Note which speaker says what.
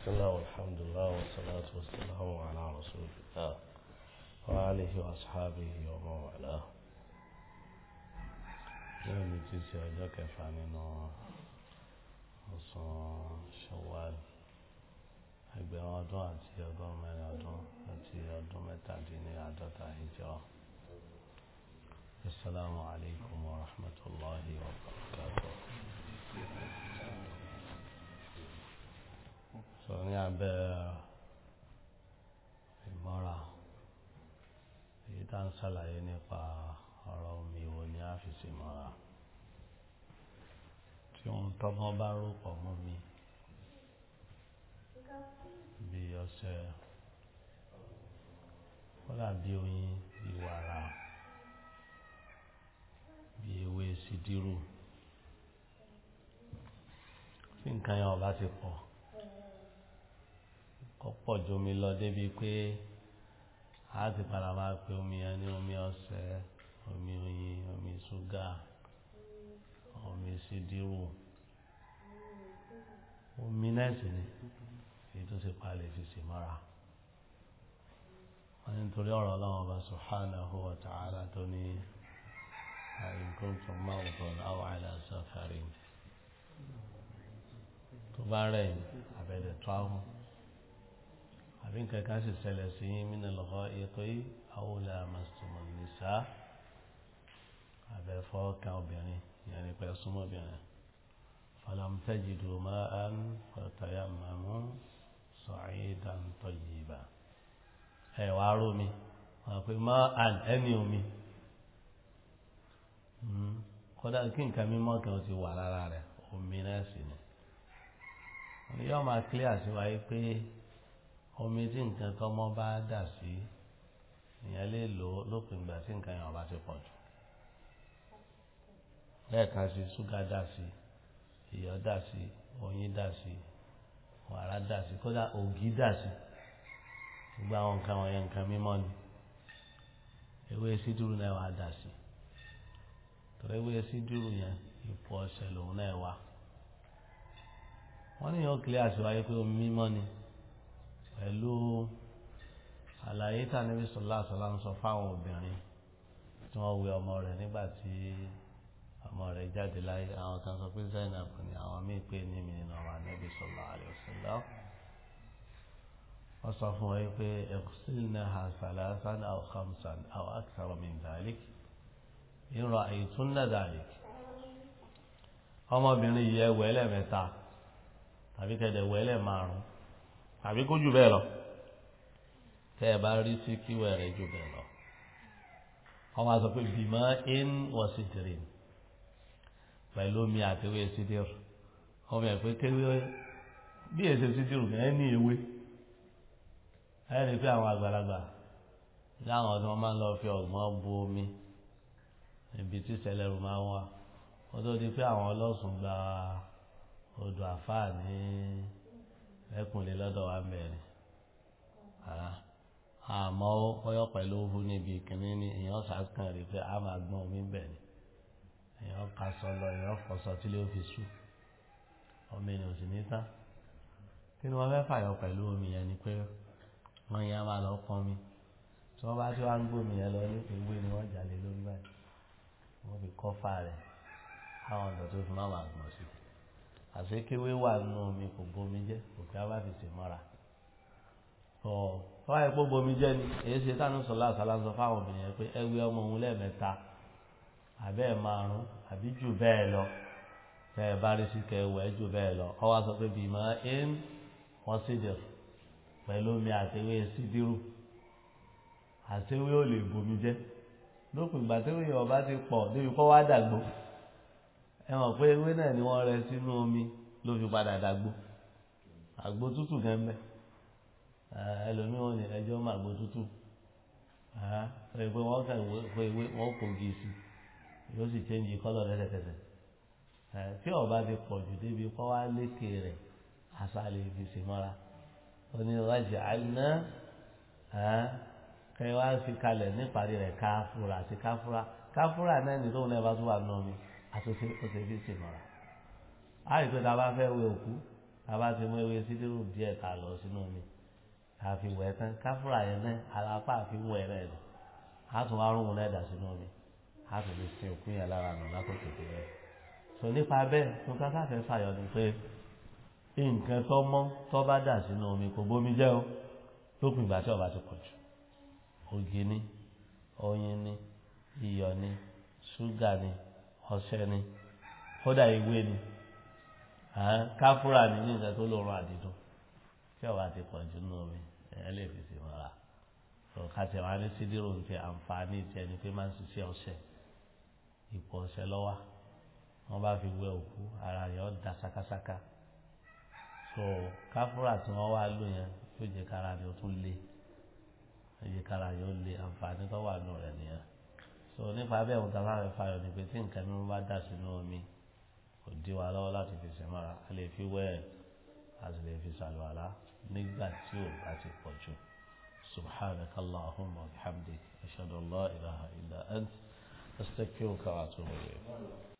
Speaker 1: بسم الله والحمد لله والصلاة والسلام على رسول الله وآله وأصحابه ومن والاه lẹ́yìn tí ṣe ọjọ́ kẹfà nínú ọ̀sán Ṣawwal ẹgbẹ̀rún ọdún àti ọdún mẹ́rin ọdún àti ọdún mẹ́tàdínláàádọ́ta Hijra Assalamu alaikum wa rahmatullahi wa barakatuh ní abẹ́ ìmọ́ra èyí tá ń ṣàlàyé nípa ọ̀rọ̀ omi wo ni a fi sí mọ́ra tí ohun tọ́mọ bá rúpọ̀ mọ́ mi bí ọṣẹ kọ́lá bí oyin bí wàrà bí ewé sídírù tí nǹkan yẹn ọba ti pọ̀ kọ́pọ̀ ju omi lọ débi pé a ti padà máa pe omi yẹn ní omi ọṣẹ omi oyin omi ṣúgà omi sídírù omi nẹ́ẹ̀sì ni èyí tó ṣe palẹ̀ fi sì mọ́ra wọ́n ní nítorí ọ̀rọ̀ ọlọ́run ọba subhanahu wa ta'ala tó ní àìkúntùn mọ́ọ̀tún àwọn àìlàsọ́fẹ́rin tó bá rẹ̀ yìí abẹ́lẹ̀ tó àwọn àbí nǹkan ká sì ṣẹlẹ̀ sí yín mí nà lọ́kọ́ ikú àwòlà màsùmọ̀ nìṣá àbẹ̀fọ́ kan obìnrin ìyẹn ni pé súnmọ́ obìnrin falamtajidu máa ń pàtàyà màmú sọ̀rìndà ń tọ́jú ibà ẹ̀ wá rómi wọn àpè máa àn ẹni omi hmm, kódà kí nǹkan mímọ́ kan ti wà lára rẹ̀ omi náà sì ni yọ́ọ́ máa kílíà sí wáyé pé omi tí nǹkan kan mọ́ bá dà sí ìyẹn lè lò ó lópin ìgbà tí nǹkan yẹn ọba ti pọ̀ jù lẹ́ẹ̀kan sí ṣúgà dà sí iyọ̀ dà sí oyin dà sí wàrà dà sí kódà ògì dà sí gbogbo àwọn nǹkan wọ̀nyẹn nǹkan mímọ́ ni ewé sídùrú náà wà dà sí torí ewé sídùrú yẹn ipò ọ̀sẹ̀ lòun náà wà wọ́n ní yóò kílẹ̀ àṣewáyé pé omi mímọ́ ni pẹ̀lú àlàyé tànàbí sọlá àsọlá ń sọ fáwọn obìnrin tí wọ́n wẹ ọmọ rẹ̀ nígbà tí ọmọ rẹ̀ jáde láyé àwọn kan sọ pé Zainab ni àwọn míì pé ní mi nínú ọmọ ànábì sọlá àlẹ́sọlá wọ́n sọ fún wọn pé ẹ̀kúsílínà ha sàlásán àwọn khamsan àwọn akthara min dhalik in ra'aytunna dhalik ọmọbìnrin yìí ẹ wẹ̀ẹ́lẹ̀ mẹ́ta tàbí kẹ̀dẹ̀ wẹ̀ẹ́lẹ̀ márùn-ún àbí kó jù bẹ́ẹ̀ lọ tẹ́ ẹ bá rí sí kíwẹ́ rẹ jù bẹ́ẹ̀ lọ wọ́n máa sọ pé bìmọ̀ in wọ́n sì tèrè pẹ̀lú omi àtẹwé sídìrì ọmọ ẹ̀ pé kéwé bí èsè sídìrì kẹ́ ẹ́ ní ewé ẹ̀ rí pé àwọn àgbàlagbà láwọn tí wọ́n máa ń lọ fi ọ̀gbọ́n bu omi ibi tí sẹlẹ̀rù máa ń wà wọ́n tó di pé àwọn ọlọ́sùn gba odò àfáà ní ẹkùnlé lọ́dọ̀ wa mẹ́rin àmọ́ ọyọ́ pẹ̀lú ovu níbi ìkíní ni èèyàn sàkàn rí pé a máa gbọ́n omi bẹ̀ ni èèyàn ka sọ lọ èèyàn kọ sọ tí ló fi sùn ọmọ ènìyàn sì ní tán kí ni wọ́n fẹ́ fàyọ pẹ̀lú omi yẹn ni pé wọ́n yẹn máa lọ pọn mi tí wọ́n bá tí wọ́n á ń gbómi yẹn lọ ní ewé ni wọ́n jà lé lórí báyìí wọ́n fi kọ́ fà rẹ̀ àwọn ọ̀dọ́ tó fi má máa gbọ̀n sí i àṣekéwé wà nínú omi kò bomi jẹ òkè á bá fi sè mọ́ra ọ fáwọn ẹ̀pọ́ bomi jẹ ni èyí ṣe táwọn sọlá àṣàlá sọ fáwọn obìnrin yẹn pé ẹ wẹ ọmọ òun lẹ́ẹ̀mẹ́ta àbẹ́ ẹ̀ márùn àbí jù bẹ́ẹ̀ lọ tẹ́ ẹ bá rí sí kẹ́ ẹ wẹ̀ jù bẹ́ẹ̀ lọ ọ wá sọ pé bí mọ́ ẹ́n wọ́n sì dẹ̀ pẹ̀lú omi àtẹwé sídírù àtẹwé ò lè bomi jẹ lópin ìgbà tẹ́wé yọ̀ ti pọ̀ débi kọ́ wá dàgbò ẹ pé ewé náà ni wọ́n rẹ sínú omi ló fi padà dàgbò àgbo tútù gan bẹ ẹlòmíràn ní ẹjọ́ mọ àgbo tútù ẹ kàn pé ewé wọ́n kò gé sí yóò sì chẹ́ǹjì kọ́lọ̀ lẹ́sẹ̀kẹsẹ̀ tí ọba ti pọ̀ jù débi kọ́ wá lékè rẹ̀ àṣà fi sè mọ́ra ó ní rájà àná kẹ́ wá fi kalẹ̀ níparí rẹ̀ káfúra àti káfúra káfúra náà ní tóun bá tún wà nù mí asòsí ọ̀sẹ̀ bí sì mọ́ra a rí pé tá a bá fẹ́ wẹ òkú tá a bá ti mú ewé sídìrú díẹ̀ ká lọ sínú omi ká fi wẹ̀ tán káfúrà yẹn náà alápá àfi mú ẹ̀ náà a tún wá rún un náà sínú omi a tún lè sin òkú yẹn lára nù lákòókò tó yẹ sọ nípa bẹ́ẹ̀ tó ká sáfẹ́ fàyọ ni pé nǹkan tó mọ́ tó bá dà sínú omi kò bómi jẹ́ o lópin ìgbà tí ọba ti pọ̀ jù ògì ni oyin ni iyọ̀ ni ṣúgà ni ọṣẹ ni kódà ewé ni káfúrà ni ní ìṣẹ́ tó lóorun àdídùn tí ọba ti pọ̀ jù nù mí ẹ lè fi sí wọn rà kàtẹ wà ní sídìrò ní ti àǹfààní ti ẹni pé máa ń ṣiṣẹ́ ọṣẹ ipò ọṣẹ lọ́wọ́ wọn bá fi wẹ òkú ara yẹn da sákásáká so káfúrà tí wọ́n wá lò yẹn yóò jẹ́ kára ni ó tún lé yóò jẹ́ kára yẹn lé àǹfààní tó wà nù rẹ̀ nìyẹn so nípa bẹ́ẹ̀ òun tàbá rẹ̀ fayọ̀ ní pé tí nǹkan mímú bá dà sínú omi kò dí wa lọ́wọ́ láti fi sẹ́mọ́ra a lè fi wẹ̀ a sì lè fi sàlùwàlá nígbà tí ò bá ti pọ̀ jù subhanaka allahumma wa bihamdik ashhadu an ilaha illa ant astaghfiruka wa atubu